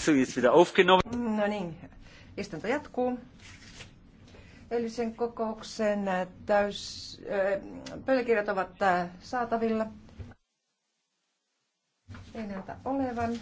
Sitzung ist aufgenommen. No niin, istunto jatkuu. Eilisen kokouksen äh, täys, äh, pöytäkirjat ovat äh, saatavilla. Ei näytä olevan.